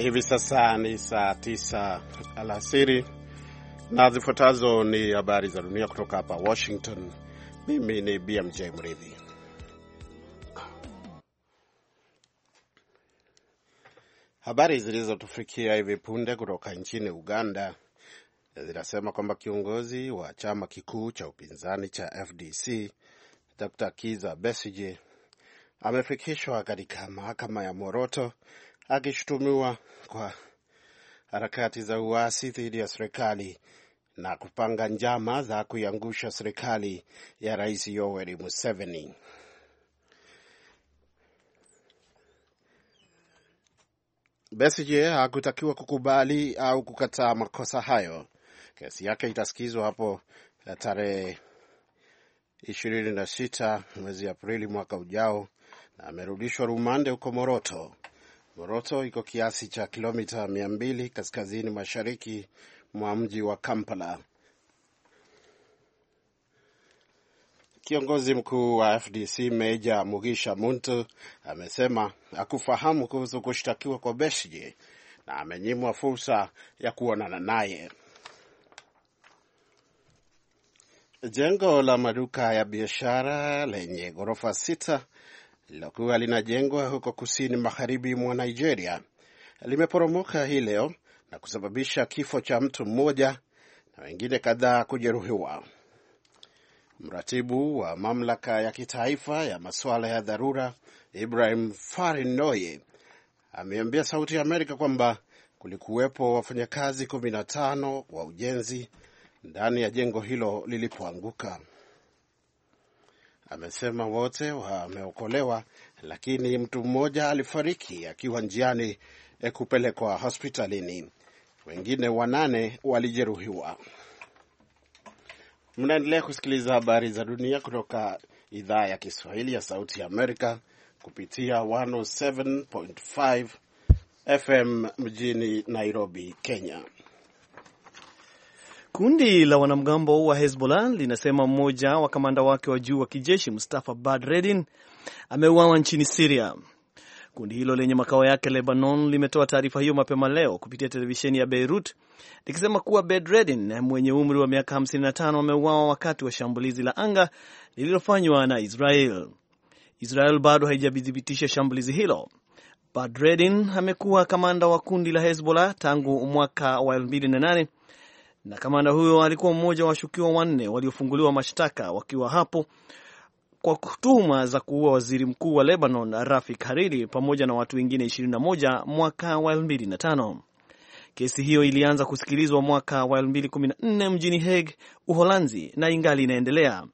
Hivi sasa ni saa tisa alasiri na zifuatazo ni habari za dunia kutoka hapa Washington. Mimi ni BMJ Mridhi. Habari zilizotufikia hivi punde kutoka nchini Uganda zinasema kwamba kiongozi wa chama kikuu cha upinzani cha FDC Dr. Kiza Besige amefikishwa katika mahakama ya Moroto akishutumiwa kwa harakati za uasi dhidi ya serikali na kupanga njama za kuiangusha serikali ya Rais Yoweri Museveni. Besigye hakutakiwa kukubali au kukataa makosa hayo. Kesi yake itasikizwa hapo tarehe ishirini na sita mwezi Aprili mwaka ujao, na amerudishwa rumande huko Moroto Goroto iko kiasi cha kilomita 200 kaskazini mashariki mwa mji wa Kampala. Kiongozi mkuu wa FDC Meja Mugisha Muntu amesema hakufahamu kuhusu kushtakiwa kwa Besigye na amenyimwa fursa ya kuonana naye. Jengo la maduka ya biashara lenye ghorofa sita lililokuwa linajengwa huko kusini magharibi mwa Nigeria limeporomoka hii leo na kusababisha kifo cha mtu mmoja na wengine kadhaa kujeruhiwa. Mratibu wa mamlaka ya kitaifa ya masuala ya dharura Ibrahim Farinoye ameambia Sauti ya Amerika kwamba kulikuwepo wafanyakazi 15 wa ujenzi ndani ya jengo hilo lilipoanguka amesema wote wameokolewa, lakini mtu mmoja alifariki akiwa njiani e, kupelekwa hospitalini. Wengine wanane walijeruhiwa. Mnaendelea kusikiliza habari za dunia kutoka idhaa ya Kiswahili ya Sauti ya Amerika kupitia 107.5 FM mjini Nairobi, Kenya. Kundi la wanamgambo wa Hezbollah linasema mmoja wa kamanda wake wa juu wa kijeshi Mustafa Bad Redin ameuawa nchini Siria. Kundi hilo lenye makao yake Lebanon limetoa taarifa hiyo mapema leo kupitia televisheni ya Beirut likisema kuwa Bed Redin mwenye umri wa miaka 55 ameuawa wakati wa shambulizi la anga lililofanywa na Israel. Israel bado haijathibitisha shambulizi hilo. Bad Redin amekuwa kamanda wa kundi la Hezbollah tangu mwaka wa 2008 na kamanda huyo alikuwa mmoja wa washukiwa wanne waliofunguliwa mashtaka wakiwa hapo kwa tuhuma za kuua waziri mkuu wa Lebanon Rafik Hariri pamoja na watu wengine 21 mwaka wa 2005. Kesi hiyo ilianza kusikilizwa mwaka wa 2014 mjini Hague, Uholanzi, na ingali inaendelea.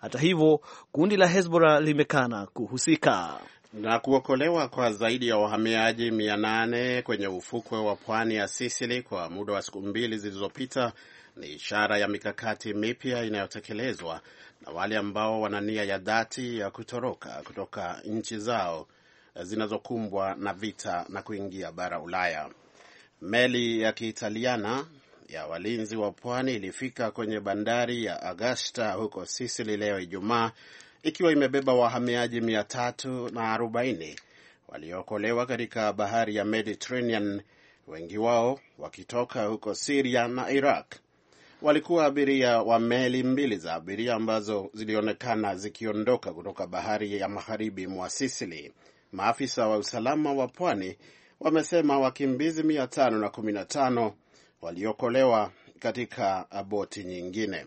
Hata hivyo, kundi la Hezbollah limekana kuhusika. Na kuokolewa kwa zaidi ya wahamiaji mia nane kwenye ufukwe wa pwani ya Sisili kwa muda wa siku mbili zilizopita ni ishara ya mikakati mipya inayotekelezwa na wale ambao wana nia ya dhati ya kutoroka kutoka nchi zao zinazokumbwa na vita na kuingia bara Ulaya. Meli ya Kiitaliana ya walinzi wa pwani ilifika kwenye bandari ya Agasta huko Sisili leo Ijumaa ikiwa imebeba wahamiaji 340 waliookolewa katika bahari ya Mediterranean, wengi wao wakitoka huko Siria na Iraq. Walikuwa abiria wa meli mbili za abiria ambazo zilionekana zikiondoka kutoka bahari ya magharibi mwa Sisili. Maafisa wa usalama wa pwani wamesema wakimbizi 515 waliokolewa katika boti nyingine.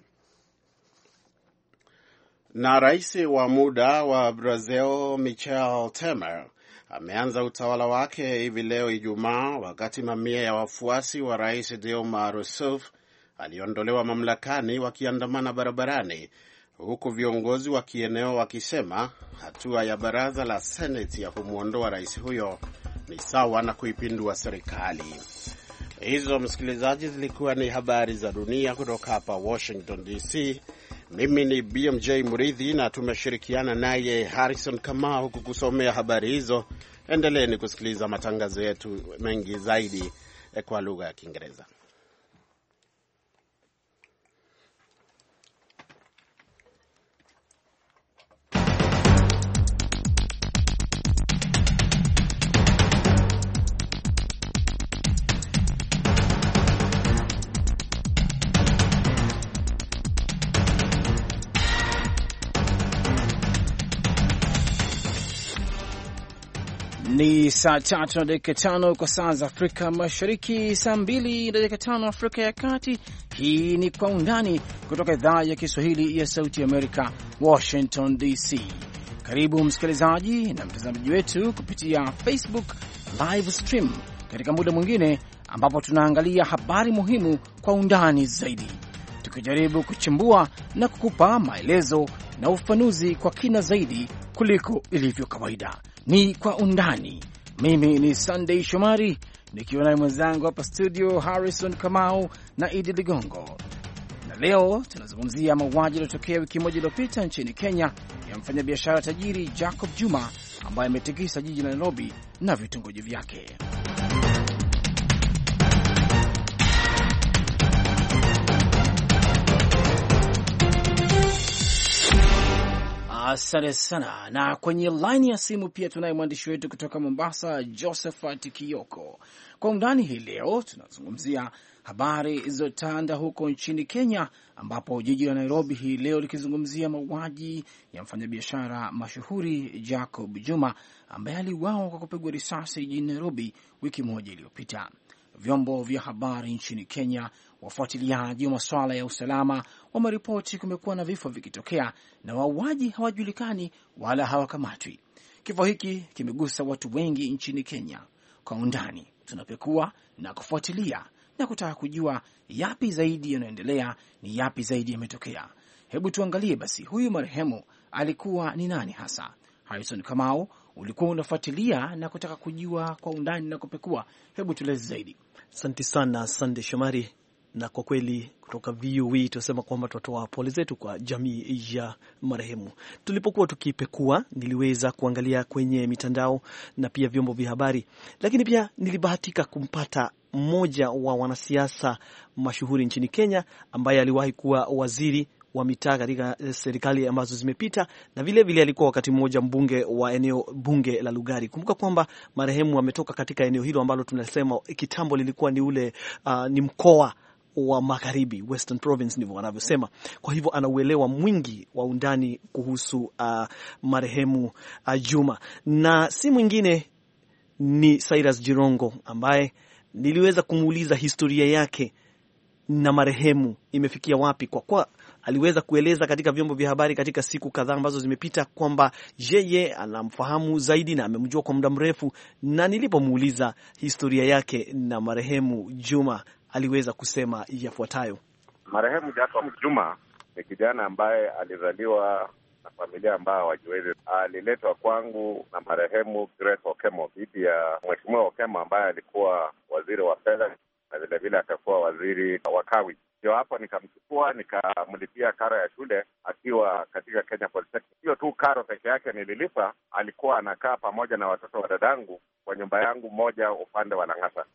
Na rais wa muda wa Brazil Michel Temer ameanza utawala wake hivi leo Ijumaa, wakati mamia ya wafuasi wa rais Dilma Rousseff aliondolewa mamlakani wakiandamana barabarani, huku viongozi wa kieneo wakisema hatua ya baraza la seneti ya kumwondoa rais huyo ni sawa na kuipindua serikali. Hizo msikilizaji, zilikuwa ni habari za dunia kutoka hapa Washington DC. Mimi ni BMJ mridhi na tumeshirikiana naye Harrison Kamau kukusomea habari hizo. Endeleeni kusikiliza matangazo yetu mengi zaidi eh, kwa lugha ya Kiingereza. Ni saa tatu na dakika tano kwa saa za Afrika Mashariki, saa mbili na dakika tano Afrika ya Kati. Hii ni Kwa Undani kutoka idhaa ya Kiswahili ya Sauti Amerika, Washington DC. Karibu msikilizaji na mtazamaji wetu kupitia Facebook live stream katika muda mwingine ambapo tunaangalia habari muhimu kwa undani zaidi, tukijaribu kuchimbua na kukupa maelezo na ufafanuzi kwa kina zaidi kuliko ilivyo kawaida ni Kwa Undani. Mimi ni Sunday Shomari nikiwa naye mwenzangu hapa studio Harrison Kamau na Idi Ligongo, na leo tunazungumzia mauaji yaliyotokea wiki moja iliyopita nchini Kenya ya mfanyabiashara tajiri Jacob Juma ambaye ametikisa jiji la Nairobi na vitongoji vyake. Asante sana. Na kwenye laini ya simu pia tunaye mwandishi wetu kutoka Mombasa, Josephat Kioko. Kwa undani hii leo tunazungumzia habari zilizotanda huko nchini Kenya, ambapo jiji la Nairobi hii leo likizungumzia mauaji ya mfanyabiashara mashuhuri Jacob Juma ambaye aliuawa kwa kupigwa risasi jijini Nairobi wiki moja iliyopita vyombo vya habari nchini Kenya, wafuatiliaji wa masuala ya usalama wameripoti kumekuwa na vifo vikitokea na wauaji hawajulikani wala hawakamatwi. Kifo hiki kimegusa watu wengi nchini Kenya. Kwa undani tunapekua na kufuatilia na kutaka kujua yapi zaidi yanayoendelea, ni yapi zaidi yametokea. Hebu tuangalie basi, huyu marehemu alikuwa ni nani hasa? Harrison Kamau ulikuwa unafuatilia na kutaka kujua kwa undani na kupekua. Hebu tueleze zaidi. Asante sana, Sande Shomari na kwa kweli kutoka VOA e, tunasema kwamba tunatoa pole zetu kwa jamii ya marehemu. Tulipokuwa tukipekua, niliweza kuangalia kwenye mitandao na pia vyombo vya habari, lakini pia nilibahatika kumpata mmoja wa wanasiasa mashuhuri nchini Kenya ambaye aliwahi kuwa waziri wa mitaa katika eh, serikali ambazo zimepita, na vilevile vile alikuwa wakati mmoja mbunge wa eneo bunge la Lugari. Kumbuka kwamba marehemu ametoka katika eneo hilo ambalo tunasema kitambo lilikuwa ni ule uh, ni mkoa wa magharibi Western Province ndivyo wanavyosema. Kwa hivyo ana uelewa mwingi wa undani kuhusu uh, marehemu uh, Juma, na si mwingine ni Cyrus Jirongo ambaye niliweza kumuuliza historia yake na marehemu imefikia wapi, kwa kwa aliweza kueleza katika vyombo vya habari katika siku kadhaa ambazo zimepita kwamba yeye anamfahamu zaidi na amemjua kwa muda mrefu, na nilipomuuliza historia yake na marehemu Juma aliweza kusema yafuatayo. Marehemu Jacob Juma ni kijana ambaye alizaliwa na familia ambayo hawajiwezi. Aliletwa kwangu na marehemu Grace Okemo, bibi ya Mheshimiwa Okemo ambaye alikuwa waziri wa fedha na vilevile atakuwa waziri wa kawi. Ndio hapo nikamchukua nikamlipia karo ya shule akiwa katika Kenya Polytechnic. Hiyo tu karo peke yake nililipa. Alikuwa anakaa pamoja na watoto wa dadangu kwa nyumba yangu moja upande wa Lang'ata.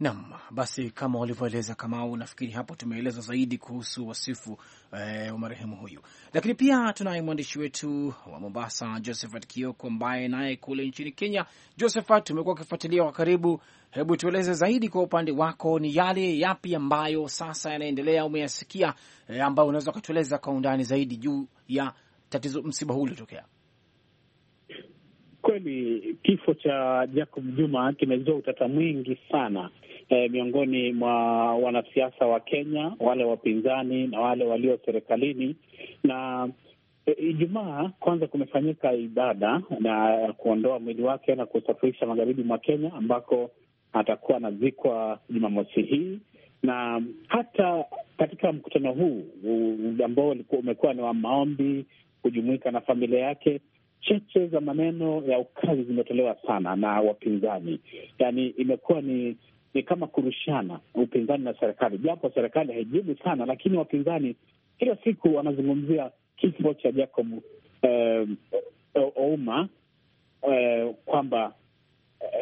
Naam, basi kama walivyoeleza Kamau, nafikiri hapo tumeeleza zaidi kuhusu wasifu eh, wa marehemu huyu, lakini pia tunaye mwandishi wetu wa Mombasa Josephat Kioko ambaye naye kule nchini Kenya. Josephat, umekuwa ukifuatilia kwa karibu, hebu tueleze zaidi kwa upande wako, ni yale yapi ambayo sasa yanaendelea, umeyasikia e, ambayo unaweza ukatueleza kwa undani zaidi juu ya tatizo, msiba huu uliotokea? Kweli kifo cha Jacob Juma kimezua utata mwingi sana e, miongoni mwa wanasiasa wa Kenya, wale wapinzani na wale walio serikalini. Na eh, Ijumaa kwanza kumefanyika ibada na kuondoa mwili wake na kusafirisha magharibi mwa Kenya ambako atakuwa anazikwa Jumamosi hii na hata katika mkutano huu ambao umekuwa ni wa maombi, kujumuika na familia yake, cheche za maneno ya ukazi zimetolewa sana na wapinzani. Yani imekuwa ni ni kama kurushana upinzani na serikali, japo serikali haijibu sana, lakini wapinzani kila siku wanazungumzia kifo cha Jacob eh, Ouma eh, kwamba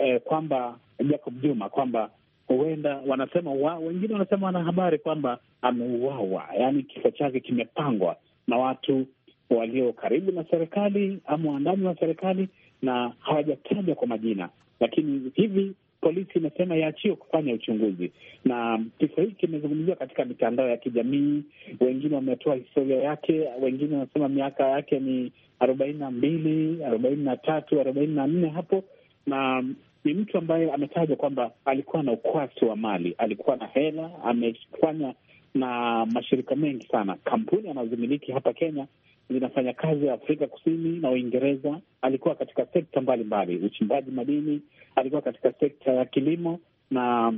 eh, kwamba Jacob Juma kwamba huenda wanasema wa, wengine wanasema wanahabari kwamba ameuawa, yaani kifo chake kimepangwa na watu walio karibu na serikali ama wandani wa serikali, na hawajataja kwa majina, lakini hivi polisi imesema iachiwe kufanya uchunguzi. Na kisa hiki kimezungumziwa katika mitandao ya kijamii, wengine wametoa historia yake, wengine wanasema miaka yake ni arobaini na mbili, arobaini na tatu, arobaini na nne hapo, na ni mtu ambaye ametajwa kwamba alikuwa na ukwasi wa mali, alikuwa na hela, amefanya na mashirika mengi sana, kampuni anazomiliki hapa Kenya linafanya kazi ya Afrika Kusini na Uingereza. Alikuwa katika sekta mbalimbali, uchimbaji madini, alikuwa katika sekta ya kilimo, na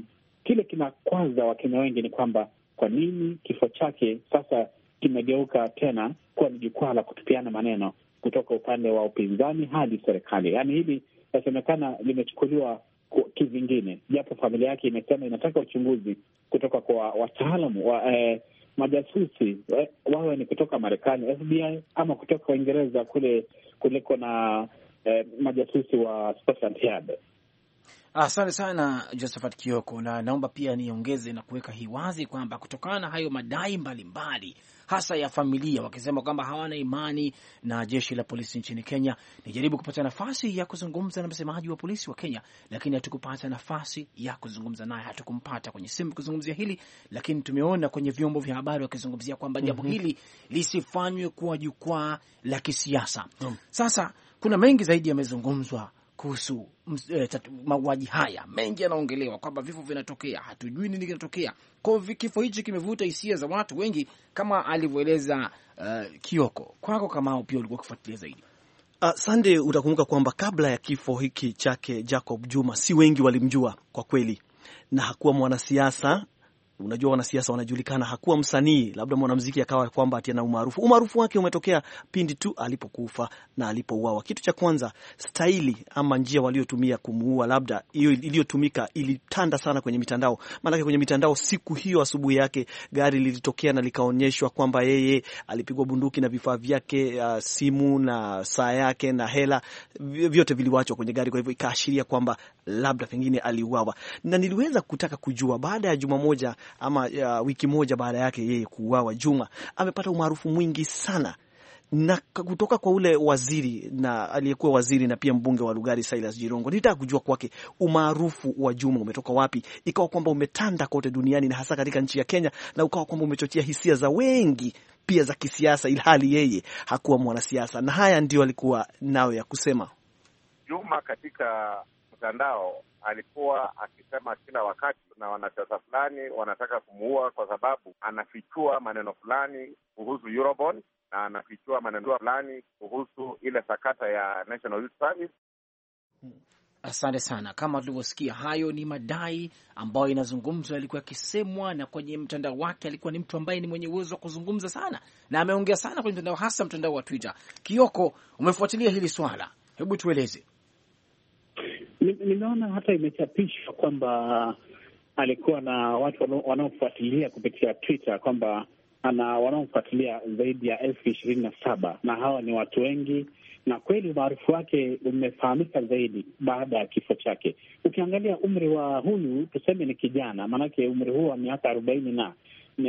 kile kinakwaza Wakenya wengi ni kwamba kwa nini kifo chake sasa kimegeuka tena kuwa ni jukwaa la kutupiana maneno kutoka upande wa upinzani hadi serikali. Yaani hili inasemekana limechukuliwa kivingine, japo familia yake imesema inataka uchunguzi kutoka kwa wataalamu wa eh, majasusi eh, wawe ni kutoka Marekani FBI ama kutoka Uingereza kule kuliko na eh, majasusi wa Scotland Yard. Asante sana Josephat Kioko, na naomba pia niongeze na kuweka hii wazi kwamba kutokana na hayo madai mbalimbali mbali, hasa ya familia wakisema kwamba hawana imani na jeshi la polisi nchini Kenya. Nijaribu kupata nafasi ya kuzungumza na msemaji wa polisi wa Kenya, lakini hatukupata nafasi ya kuzungumza naye, hatukumpata kwenye simu kuzungumzia hili, lakini tumeona kwenye vyombo vya habari wakizungumzia kwamba mhm. jambo mm -hmm. hili lisifanywe kuwa jukwaa la kisiasa mm. Sasa kuna mengi zaidi yamezungumzwa kuhusu eh, mauaji haya mengi yanaongelewa kwamba vifo vinatokea, hatujui nini kinatokea. Kwa hivyo kifo hichi kimevuta hisia za watu wengi kama alivyoeleza uh, Kioko. Kwako Kamao, pia ulikuwa ukifuatilia zaidi. Uh, Sande, utakumbuka kwamba kabla ya kifo hiki chake Jacob Juma si wengi walimjua kwa kweli, na hakuwa mwanasiasa Unajua, wanasiasa wanajulikana, hakuwa msanii labda mwanamuziki akawa kwamba ati ana umaarufu. Umaarufu wake umetokea pindi tu alipokufa na alipouawa. Kitu cha kwanza, staili ama njia waliotumia kumuua, labda hiyo iliyotumika ilitanda sana kwenye mitandao, maanake kwenye mitandao siku hiyo asubuhi yake gari lilitokea na likaonyeshwa kwamba yeye alipigwa bunduki na vifaa vyake, uh, simu na saa yake na hela vyote viliwachwa kwenye gari, kwa hivyo ikaashiria kwamba labda pengine aliuawa, na niliweza kutaka kujua baada ya juma moja ama ya wiki moja baada yake yeye kuuawa, Juma amepata umaarufu mwingi sana na kutoka kwa ule waziri na aliyekuwa waziri na pia mbunge wa Lugari Silas Jirongo. Nilitaka kujua kwake umaarufu wa Juma umetoka wapi, ikawa kwamba umetanda kote duniani na hasa katika nchi ya Kenya, na ukawa kwamba umechochea hisia za wengi pia za kisiasa, ilhali yeye hakuwa mwanasiasa. Na haya ndio alikuwa nayo ya kusema Juma katika mtandao alikuwa akisema kila wakati na wanasiasa fulani wanataka kumuua kwa sababu anafichua maneno fulani kuhusu Eurobond na anafichua maneno fulani kuhusu ile sakata ya National Youth Service. Asante sana. Kama tulivyosikia, hayo ni madai ambayo inazungumzwa, yalikuwa yakisemwa, na kwenye mtandao wake alikuwa ni mtu ambaye ni mwenye uwezo wa kuzungumza sana, na ameongea sana kwenye mtandao, hasa mtandao wa Twitter. Kioko, umefuatilia hili swala, hebu tueleze. Nimeona hata imechapishwa kwamba alikuwa na watu wanaofuatilia kupitia Twitter kwamba ana wanaomfuatilia zaidi ya elfu ishirini na saba na hawa ni watu wengi, na kweli umaarufu wake umefahamika zaidi baada ya kifo chake. Ukiangalia umri wa huyu, tuseme ni kijana, maanake umri huu wa miaka arobaini na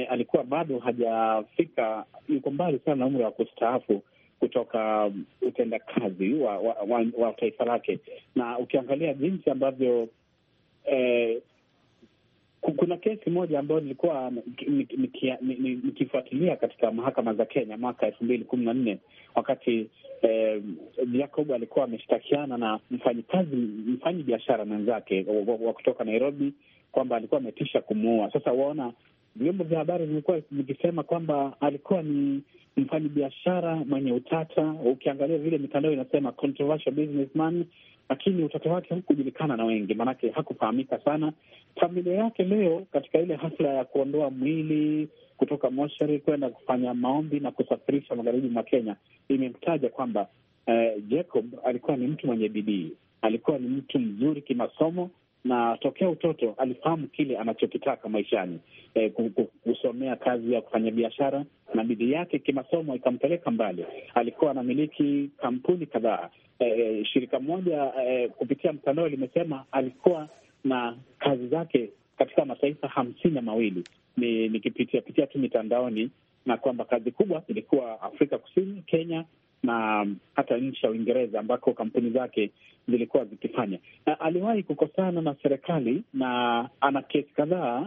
alikuwa bado hajafika, yuko mbali sana na umri wa kustaafu, kutoka utendakazi wa, wa, wa, wa taifa lake, na ukiangalia jinsi ambavyo eh, kuna kesi moja ambayo nilikuwa nikifuatilia katika mahakama za Kenya mwaka elfu mbili kumi na nne wakati eh, Jacob alikuwa ameshtakiana na mfanyikazi mfanyi biashara mwenzake wa kutoka Nairobi kwamba alikuwa ametisha kumuua. Sasa waona vyombo vya habari vimekuwa vikisema kwamba alikuwa ni mfanyibiashara biashara mwenye utata. Ukiangalia vile mitandao inasema controversial businessman, lakini utata wake hukujulikana na wengi, maanake hakufahamika sana. Familia yake leo katika ile hafla ya kuondoa mwili kutoka moshari kwenda kufanya maombi na kusafirisha magharibi mwa Kenya imemtaja kwamba eh, Jacob alikuwa ni mtu mwenye bidii, alikuwa ni mtu mzuri kimasomo na tokea utoto alifahamu kile anachokitaka maishani, e, kusomea kazi ya kufanya biashara, na bidii yake kimasomo ikampeleka mbali. Alikuwa anamiliki kampuni kadhaa. E, shirika moja e, kupitia mtandao limesema alikuwa na kazi zake katika mataifa hamsini na mawili nikipitiapitia ni tu mitandaoni, na kwamba kazi kubwa ilikuwa Afrika Kusini, Kenya, na hata nchi ya Uingereza ambako kampuni zake zilikuwa zikifanya. Aliwahi kukosana na serikali na ana kesi kadhaa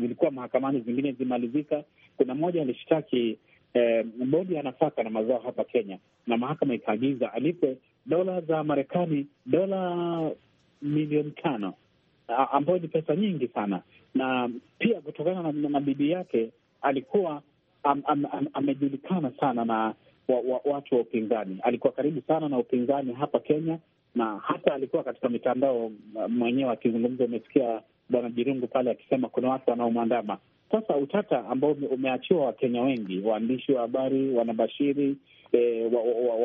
zilikuwa mahakamani, zingine zimalizika. Kuna moja alishtaki eh, bodi ya nafaka na mazao hapa Kenya, na mahakama ikaagiza alipe dola za Marekani dola milioni tano ambayo ni pesa nyingi sana, na pia kutokana na, na bibi yake alikuwa am, am, am, amejulikana sana na wa, wa, watu wa upinzani. Alikuwa karibu sana na upinzani hapa Kenya, na hata alikuwa katika mitandao mwenyewe akizungumza. Umesikia bwana Jirungu pale akisema kuna watu wanaomwandama. Sasa utata ambao umeachiwa Wakenya wengi, waandishi wa habari wanabashiri e,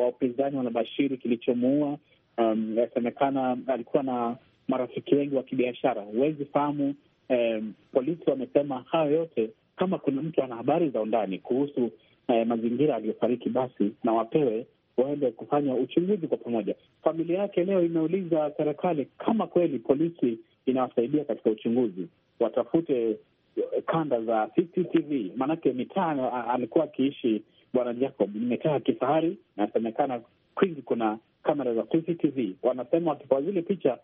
wapinzani wa, wa, wa wanabashiri kilichomuua. Um, yasemekana alikuwa na marafiki wengi wa kibiashara, huwezi fahamu. Um, polisi wamesema hayo yote. Kama kuna mtu ana habari za undani kuhusu eh, mazingira aliyofariki, basi na wapewe waende kufanya uchunguzi kwa pamoja. Familia yake leo imeuliza serikali kama kweli polisi inawasaidia katika uchunguzi, watafute eh, kanda za CCTV, maanake mitaa ah, alikuwa akiishi Bwana Jacob ni mitaa ya kifahari, inasemekana kwingi kuna kamera za CCTV. Wanasema wakipoa zile picha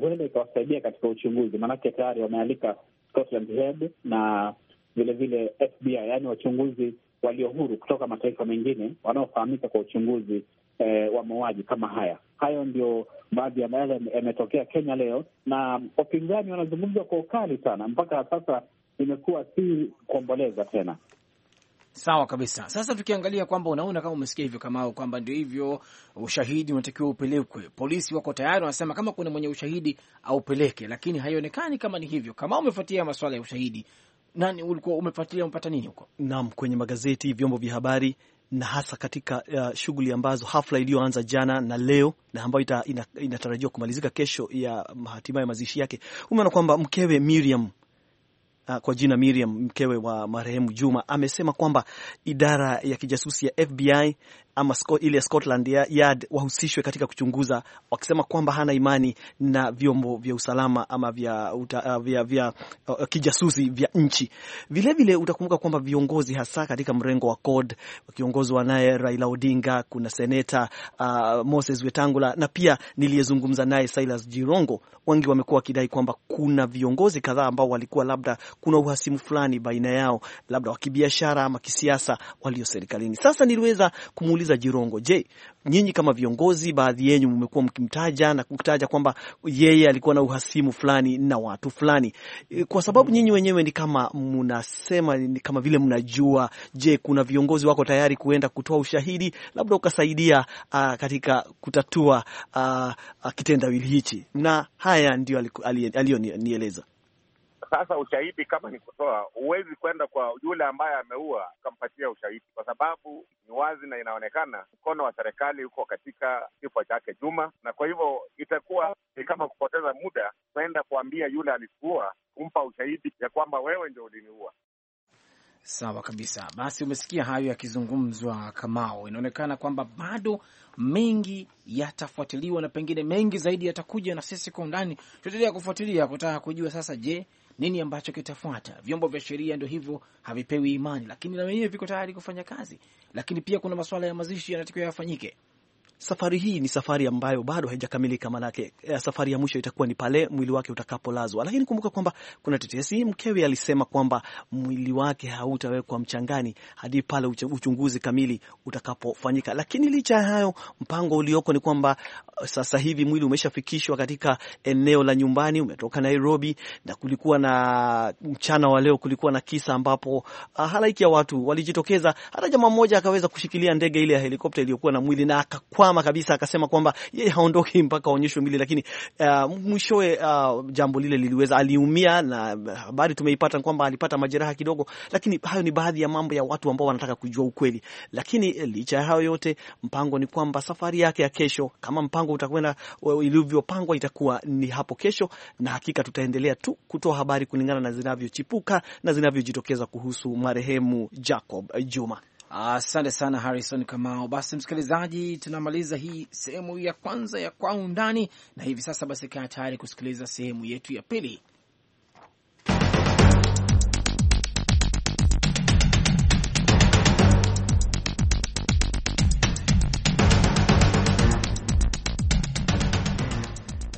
huenda ikawasaidia katika uchunguzi, maanake tayari wamealika Scotland Yard na vilevile FBI, yaani wachunguzi walio huru kutoka mataifa mengine wanaofahamika kwa uchunguzi eh, wa mauaji kama haya. Hayo ndio baadhi ya yale yametokea Kenya leo, na wapinzani wanazungumzwa kwa ukali sana, mpaka sasa imekuwa si kuomboleza tena. Sawa kabisa. Sasa tukiangalia kwamba unaona kama umesikia hivyo Kamau, kwamba ndio hivyo, ushahidi unatakiwa upelekwe, polisi wako tayari, wanasema kama kuna mwenye ushahidi aupeleke, lakini haionekani kama ni hivyo. Kama umefuatia masuala ya ushahidi, nani ulikuwa umefuatilia, umepata nini huko? Naam, kwenye magazeti, vyombo vya habari na hasa katika uh, shughuli ambazo hafla iliyoanza jana na leo na ambayo ita, ina, inatarajiwa kumalizika kesho ya hatimaye ya mazishi yake, umeona kwamba mkewe Miriam uh, kwa jina Miriam mkewe wa marehemu Juma amesema kwamba idara ya kijasusi ya FBI ama ile Scotland Yard wahusishwe katika kuchunguza, wakisema kwamba hana imani na vyombo vya usalama ama vya, uta, uh, vya, vya uh, kijasusi vya nchi. Vilevile utakumbuka kwamba viongozi hasa katika mrengo wa CORD wakiongozwa naye Raila Odinga, kuna seneta uh, Moses Wetangula na pia niliyezungumza naye Silas Jirongo, wengi wamekuwa wakidai kwamba kuna viongozi kadhaa ambao walikuwa labda kuna uhasimu fulani baina yao, labda wa kibiashara ama kisiasa, walio serikalini. Sasa niliweza kumuuliza kuuliza Jirongo, je, nyinyi kama viongozi, baadhi yenyu mmekuwa mkimtaja na kutaja kwamba yeye alikuwa na uhasimu fulani na watu fulani, e, kwa sababu nyinyi wenyewe ni kama mnasema, ni kama vile mnajua. Je, kuna viongozi wako tayari kuenda kutoa ushahidi, labda ukasaidia uh, katika kutatua uh, uh, kitendawili hichi? Na haya ndio aliyonieleza ali, ali. Sasa ushahidi kama ni kutoa, huwezi kwenda kwa yule ambaye ameua akampatia ushahidi, kwa sababu ni wazi na inaonekana mkono wa serikali uko katika kifo chake Juma, na kwa hivyo itakuwa ni kama kupoteza muda kwenda kuambia yule alikuua kumpa ushahidi ya kwamba wewe ndio uliniua. Sawa kabisa. Basi umesikia hayo yakizungumzwa, Kamao. Inaonekana kwamba bado mengi yatafuatiliwa na pengine mengi zaidi yatakuja, na sisi kwa undani tutaendelea kufuatilia kutaka kujua sasa, je, nini ambacho kitafuata? Vyombo vya sheria ndio hivyo, havipewi imani, lakini na wenyewe viko tayari kufanya kazi, lakini pia kuna masuala ya mazishi yanatakiwa yafanyike safari hii ni safari ambayo bado haijakamilika, maanake eh, safari ya mwisho itakuwa ni pale mwili wake utakapolazwa. Lakini kumbuka kwamba kuna tetesi, mkewe alisema kwamba mwili wake hautawekwa mchangani hadi pale uchunguzi kamili utakapofanyika. Lakini licha ya hayo, mpango ulioko ni kwamba eh, sasa hivi mwili umeshafikishwa katika eneo la nyumbani, umetoka Nairobi, na kulikuwa na mchana wa leo kulikuwa na kisa ambapo ah, halaiki ya watu walijitokeza, hata jamaa mmoja akaweza kushikilia ndege ile ya helikopta iliyokuwa na mwili na akakwa Obama kabisa akasema kwamba yeye haondoki mpaka aonyeshwe mwili, lakini uh, mwishowe uh, jambo lile liliweza, aliumia na habari tumeipata kwamba alipata majeraha kidogo, lakini hayo ni baadhi ya mambo ya watu ambao wanataka kujua ukweli. Lakini eh, licha ya hayo yote, mpango ni kwamba safari yake ya kesho, kama mpango utakwenda ilivyopangwa, itakuwa ni hapo kesho, na hakika tutaendelea tu kutoa habari kulingana na zinavyochipuka na zinavyojitokeza kuhusu marehemu Jacob Juma. Asante sana Harrison Kamao. Basi msikilizaji, tunamaliza hii sehemu ya kwanza ya Kwa Undani, na hivi sasa basi kaa tayari kusikiliza sehemu yetu ya pili.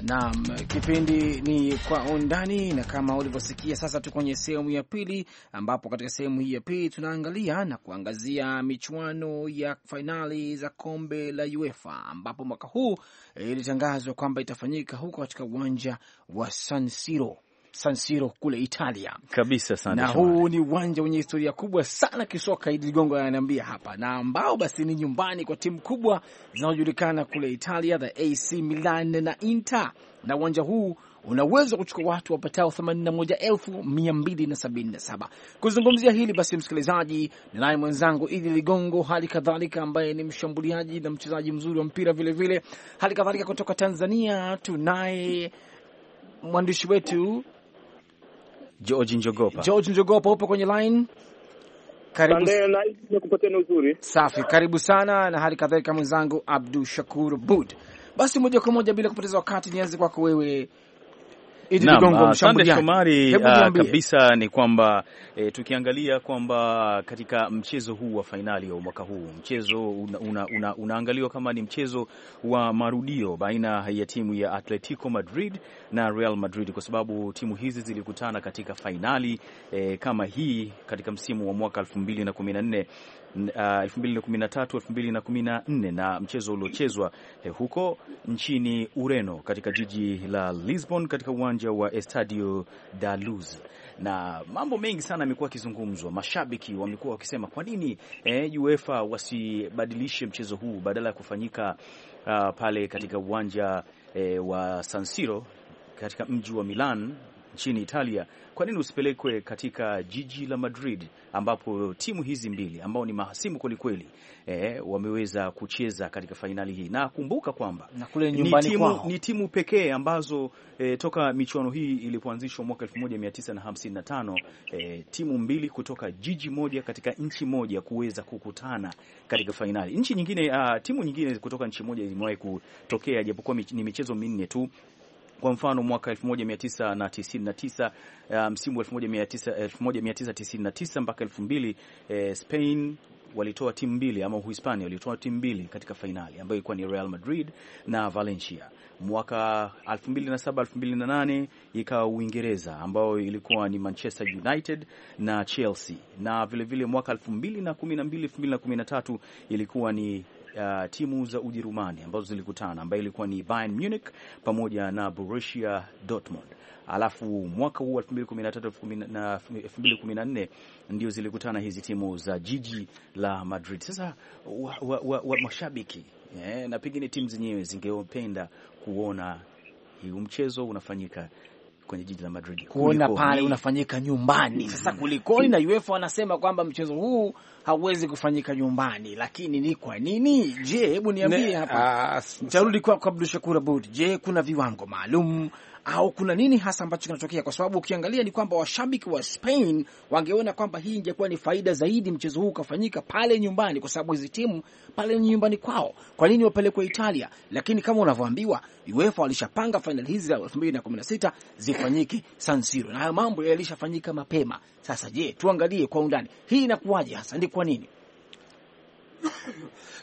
Naam, kipindi ni kwa undani, na kama ulivyosikia sasa, tu kwenye sehemu ya pili, ambapo katika sehemu hii ya pili tunaangalia na kuangazia michuano ya fainali za kombe la UEFA ambapo mwaka huu eh, ilitangazwa kwamba itafanyika huko katika uwanja wa San Siro San Siro kule Italia kabisa sana, na huu ni uwanja wenye historia kubwa sana kisoka. Idi Ligongo ananiambia hapa, na ambao basi ni nyumbani kwa timu kubwa zinazojulikana kule Italia, the AC Milan na Inter, na uwanja huu una uwezo wa kuchukua watu wapatao 81277. Kuzungumzia hili basi, msikilizaji, ninaye mwenzangu Idi Ligongo, hali kadhalika ambaye ni mshambuliaji na mchezaji mzuri wa mpira vilevile vile. Hali kadhalika kutoka Tanzania tunaye mwandishi wetu George Njogopa. George Njogopa, upo kwenye line? Karibu. Safi, karibu sana na hali kadhalika mwenzangu Abdu Shakur Bud. Basi moja kwa moja bila kupoteza wakati nianze kwako wewe Ah, Sande Shomari, uh, kabisa ni kwamba e, tukiangalia kwamba katika mchezo huu wa fainali wa mwaka huu mchezo una, una, una, unaangaliwa kama ni mchezo wa marudio baina ya timu ya Atletico Madrid na Real Madrid kwa sababu timu hizi zilikutana katika fainali e, kama hii katika msimu wa mwaka 2014 2013, uh, 2014 na mchezo uliochezwa eh, huko nchini Ureno katika jiji la Lisbon katika uwanja wa Estadio da Luz na mambo mengi sana yamekuwa yakizungumzwa. Mashabiki wamekuwa wakisema kwa nini eh, UEFA wasibadilishe mchezo huu badala ya kufanyika uh, pale katika uwanja eh, wa San Siro katika mji wa Milan nchini Italia, kwa nini usipelekwe katika jiji la Madrid ambapo timu hizi mbili ambao ni mahasimu kwelikweli eh, wameweza kucheza katika fainali hii, na kumbuka kwamba na kule nyumbani ni timu, ni timu pekee ambazo eh, toka michuano hii ilipoanzishwa mwaka 1955 eh, timu mbili kutoka jiji moja katika nchi moja kuweza kukutana katika fainali. Nchi nyingine uh, timu nyingine kutoka nchi moja imewahi kutokea japokuwa ni michezo minne tu kwa mfano mwaka 1999 eh, msimu wa 1999 mpaka 2000 eh, Spain walitoa timu mbili ama Uhispania walitoa timu mbili katika fainali ambayo ilikuwa ni Real Madrid na Valencia. Mwaka 2007 2008 ikawa Uingereza ambayo ilikuwa ni Manchester United na Chelsea, na vilevile vile mwaka 2012 2013 ilikuwa ni uh, timu za Ujerumani ambazo zilikutana, ambayo ilikuwa ni Bayern Munich pamoja na Borussia Dortmund. Alafu mwaka huu 2013 na 2014 ndio zilikutana hizi timu za jiji la Madrid. Sasa wa, wa, wa, wa mashabiki yeah, na pengine timu zenyewe zingependa kuona huu mchezo unafanyika kwenye jiji la Madrid, kuona pale unafanyika nyumbani. Sasa kulikoni? Na UEFA wanasema kwamba mchezo huu hauwezi kufanyika nyumbani, lakini ni kwa nini? Je, hebu niambie hapa. Ah, Nitarudi kwa Abdul Shakur Abud. Je, kuna viwango maalum au kuna nini hasa ambacho kinatokea? Kwa sababu ukiangalia ni kwamba washabiki wa Spain wangeona kwamba hii ingekuwa ni faida zaidi, mchezo huu ukafanyika pale nyumbani, kwa sababu hizi timu pale ni nyumbani kwao. Kwa nini wapelekwe Italia? Lakini kama unavyoambiwa, UEFA walishapanga fainali hizi za 2016 zifanyike San Siro, na hayo mambo yalishafanyika mapema. Sasa je, tuangalie kwa undani hii inakuwaje hasa, ni kwa nini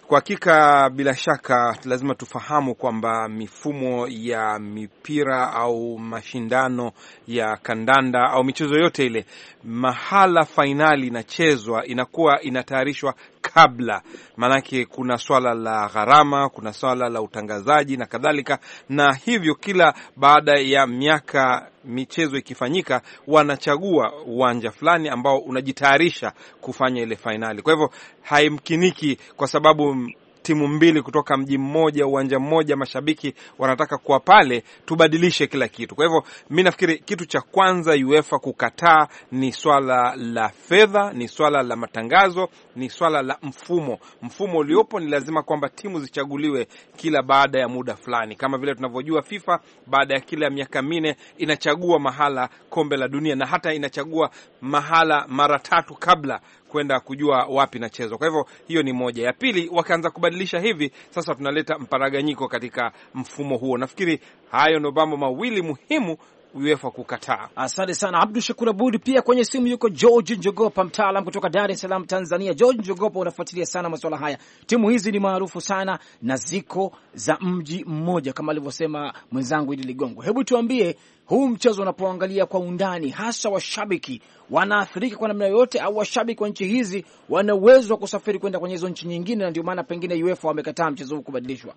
kwa hakika, bila shaka lazima tufahamu kwamba mifumo ya mipira au mashindano ya kandanda au michezo yote ile, mahala fainali inachezwa inakuwa inatayarishwa kabla, maanake kuna swala la gharama, kuna swala la utangazaji na kadhalika, na hivyo kila baada ya miaka michezo ikifanyika, wanachagua uwanja fulani ambao unajitayarisha kufanya ile fainali. Kwa hivyo haimkiniki kwa sababu timu mbili kutoka mji mmoja, uwanja mmoja, mashabiki wanataka kuwa pale, tubadilishe kila kitu. Kwa hivyo mi nafikiri kitu cha kwanza UEFA kukataa ni swala la fedha, ni swala la matangazo, ni swala la mfumo. Mfumo uliopo ni lazima kwamba timu zichaguliwe kila baada ya muda fulani, kama vile tunavyojua FIFA baada ya kila miaka minne inachagua mahala kombe la dunia na hata inachagua mahala mara tatu kabla kwenda kujua wapi nachezwa. Kwa hivyo hiyo ni moja. Ya pili, wakaanza kubadilisha hivi sasa, tunaleta mparaganyiko katika mfumo huo. Nafikiri hayo ndio mambo mawili muhimu UEFA kukataa. Asante sana Abdu Shakur Abud. Pia kwenye simu yuko George Njogopa, mtaalam kutoka Dar es Salaam, Tanzania. George Njogopa, unafuatilia sana masuala haya. Timu hizi ni maarufu sana na ziko za mji mmoja kama alivyosema mwenzangu Idi Ligongo. Hebu tuambie huu mchezo unapoangalia kwa undani, hasa washabiki wanaathirika kwa namna yoyote, au washabiki wa nchi hizi wana uwezo wa kusafiri kwenda kwenye hizo nchi nyingine, na ndio maana pengine UEFA wamekataa mchezo huu kubadilishwa?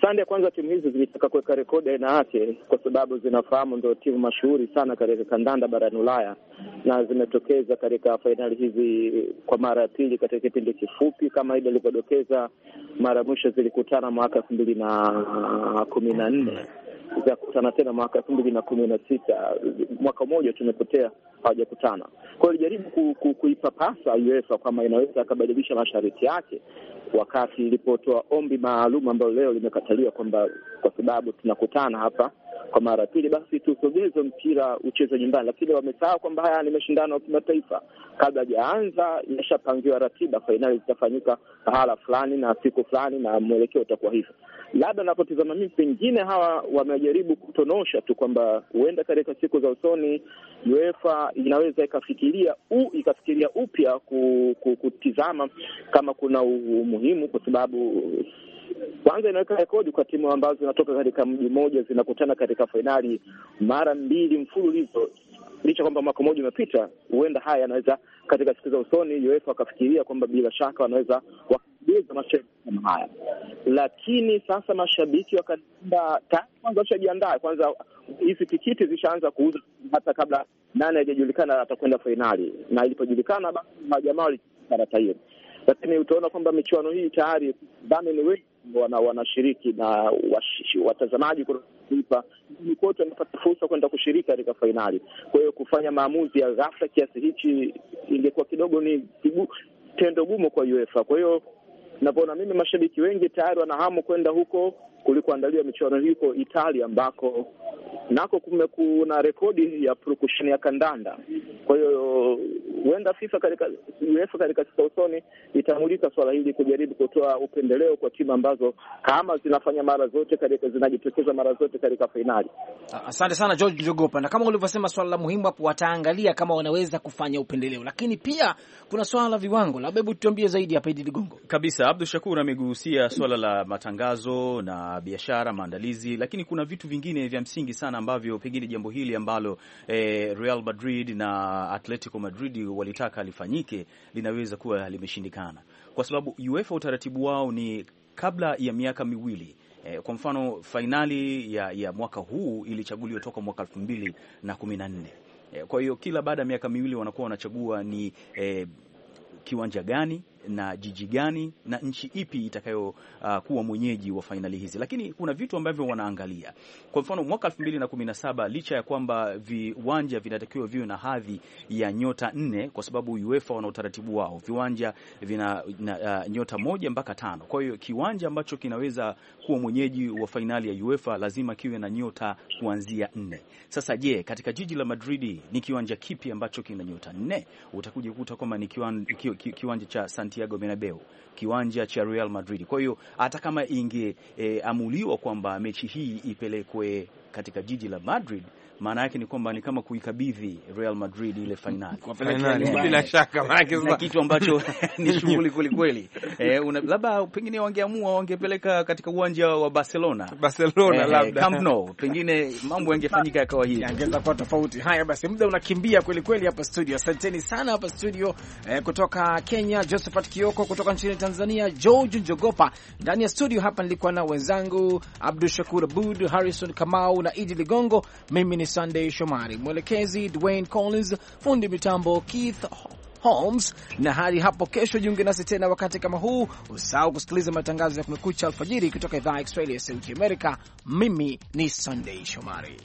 Sande, kwanza timu hizi zilitaka kuweka rekodi aina yake, kwa sababu zinafahamu ndio timu mashuhuri sana katika kandanda barani Ulaya na zimetokeza katika fainali hizi kwa mara ya pili katika kipindi kifupi, kama ile ilivyodokeza. Mara ya mwisho zilikutana mwaka elfu mbili na kumi na nne utakutana tena mwaka elfu mbili na kumi na sita. Mwaka mmoja tumepotea, hawajakutana. Kwa hiyo alijaribu kuipapasa UEFA kwamba inaweza akabadilisha masharti yake wakati ilipotoa ombi maalum ambalo leo limekataliwa kwamba kwa sababu tunakutana hapa kwa mara ya pili, basi tusogeze mpira ucheze nyumbani. Lakini wamesahau kwamba haya ni mashindano ya kimataifa, kabla hajaanza imeshapangiwa ratiba, fainali zitafanyika pahala fulani na siku fulani, na mwelekeo utakuwa hivyo. Labda napotizama mimi, pengine hawa wamejaribu kutonosha tu kwamba huenda katika siku za usoni UEFA inaweza ikafikiria u, ikafikiria upya kutizama kama kuna umu muhimu kwa sababu kwanza inaweka rekodi kwa timu ambazo zinatoka katika mji mmoja zinakutana katika fainali mara mbili mfululizo. Licha kwamba mwaka mmoja umepita, huenda haya yanaweza katika siku za usoni UEFA wakafikiria kwamba bila shaka wanaweza wakageza mashabiki kama haya, lakini sasa mashabiki wakanda kwanza washajiandaa kwanza, hizi tikiti zishaanza kuuza hata kabla nane haijajulikana atakwenda fainali, na ilipojulikana basi majamaa walikarata lakini utaona kwamba michuano hii tayari Berlin wengi wana wanashiriki na watazamaji kutoka kote wanapata fursa kwenda kushiriki katika fainali. Kwa hiyo kufanya maamuzi ya ghafla kiasi hichi ingekuwa kidogo ni tendo gumu kwa UEFA. Kwa hiyo napoona mimi, mashabiki wengi tayari wana hamu kwenda huko kulikoandaliwa michuano hii huko Italia, ambako nako kumekuna rekodi ya purukushani ya kandanda. Kwa hiyo huenda FIFA katika UEFA katika siku usoni itamulika swala hili kujaribu kutoa upendeleo kwa timu ambazo kama zinafanya mara zote katika zinajitokeza mara zote katika fainali. Asante sana George Jogopa, na kama ulivyosema, swala la muhimu hapo wataangalia kama wanaweza kufanya upendeleo, lakini pia kuna swala la viwango. Labda hebu tuambie zaidi hapa, Idi Ligongo. Kabisa, Abdu Shakur amegusia swala la matangazo na biashara, maandalizi, lakini kuna vitu vingine vya msingi sana ambavyo pengine jambo hili ambalo eh, Real Madrid na Atletico Madrid walitaka lifanyike linaweza kuwa limeshindikana, kwa sababu UEFA utaratibu wao ni kabla ya miaka miwili. Eh, kwa mfano fainali ya, ya mwaka huu ilichaguliwa toka mwaka elfu mbili na kumi na nne. Eh, kwa hiyo kila baada ya miaka miwili wanakuwa wanachagua ni e, kiwanja gani na jiji gani na nchi ipi itakayo uh, kuwa mwenyeji wa fainali hizi, lakini kuna vitu ambavyo wanaangalia. Kwa mfano mwaka 2017 licha ya kwamba viwanja vinatakiwa viwe na hadhi ya nyota nne, kwa sababu UEFA wana utaratibu wao, viwanja vina na, uh, nyota moja mpaka tano. Kwa hiyo kiwanja ambacho kinaweza kuwa mwenyeji wa fainali ya UEFA lazima kiwe na nyota kuanzia nne. Sasa je, katika jiji la Madrid ni kiwanja kipi ambacho kina nyota nne? Utakuja kukuta kwamba ni kiwanja, kiwanja cha Santiago Santiago Bernabeu, kiwanja cha Real Madrid. Kwa hiyo hata kama ingeamuliwa eh, e, kwamba mechi hii ipelekwe katika jiji la Madrid maana yake ni kwamba ni kama kuikabidhi Real Madrid ile fainali bila shaka, maana kitu ambacho ni shughuli kweli kweli. Eh, labda pengine wangeamua wangepeleka katika uwanja wa Barcelona Barcelona, e, labda Camp Nou, pengine mambo yangefanyika yakawa hivi, yangeweza kuwa tofauti. Haya basi, muda unakimbia kweli kweli hapa studio. Asanteni sana hapa studio, eh, kutoka Kenya Josephat Kioko, kutoka nchini Tanzania George Njogopa. Ndani ya studio hapa nilikuwa na wenzangu Abdul Shakur Abud, Harrison Kamau na Idi Ligongo. Mimi ni ni Sunday Shomari, mwelekezi Dwayne Collins, fundi mitambo Keith Holmes, na hadi hapo kesho jiunge nasi tena wakati kama huu. Usahau kusikiliza matangazo ya Kumekucha alfajiri kutoka idhaa ya Kiswahili ya Sauti Amerika. Mimi ni Sunday Shomari.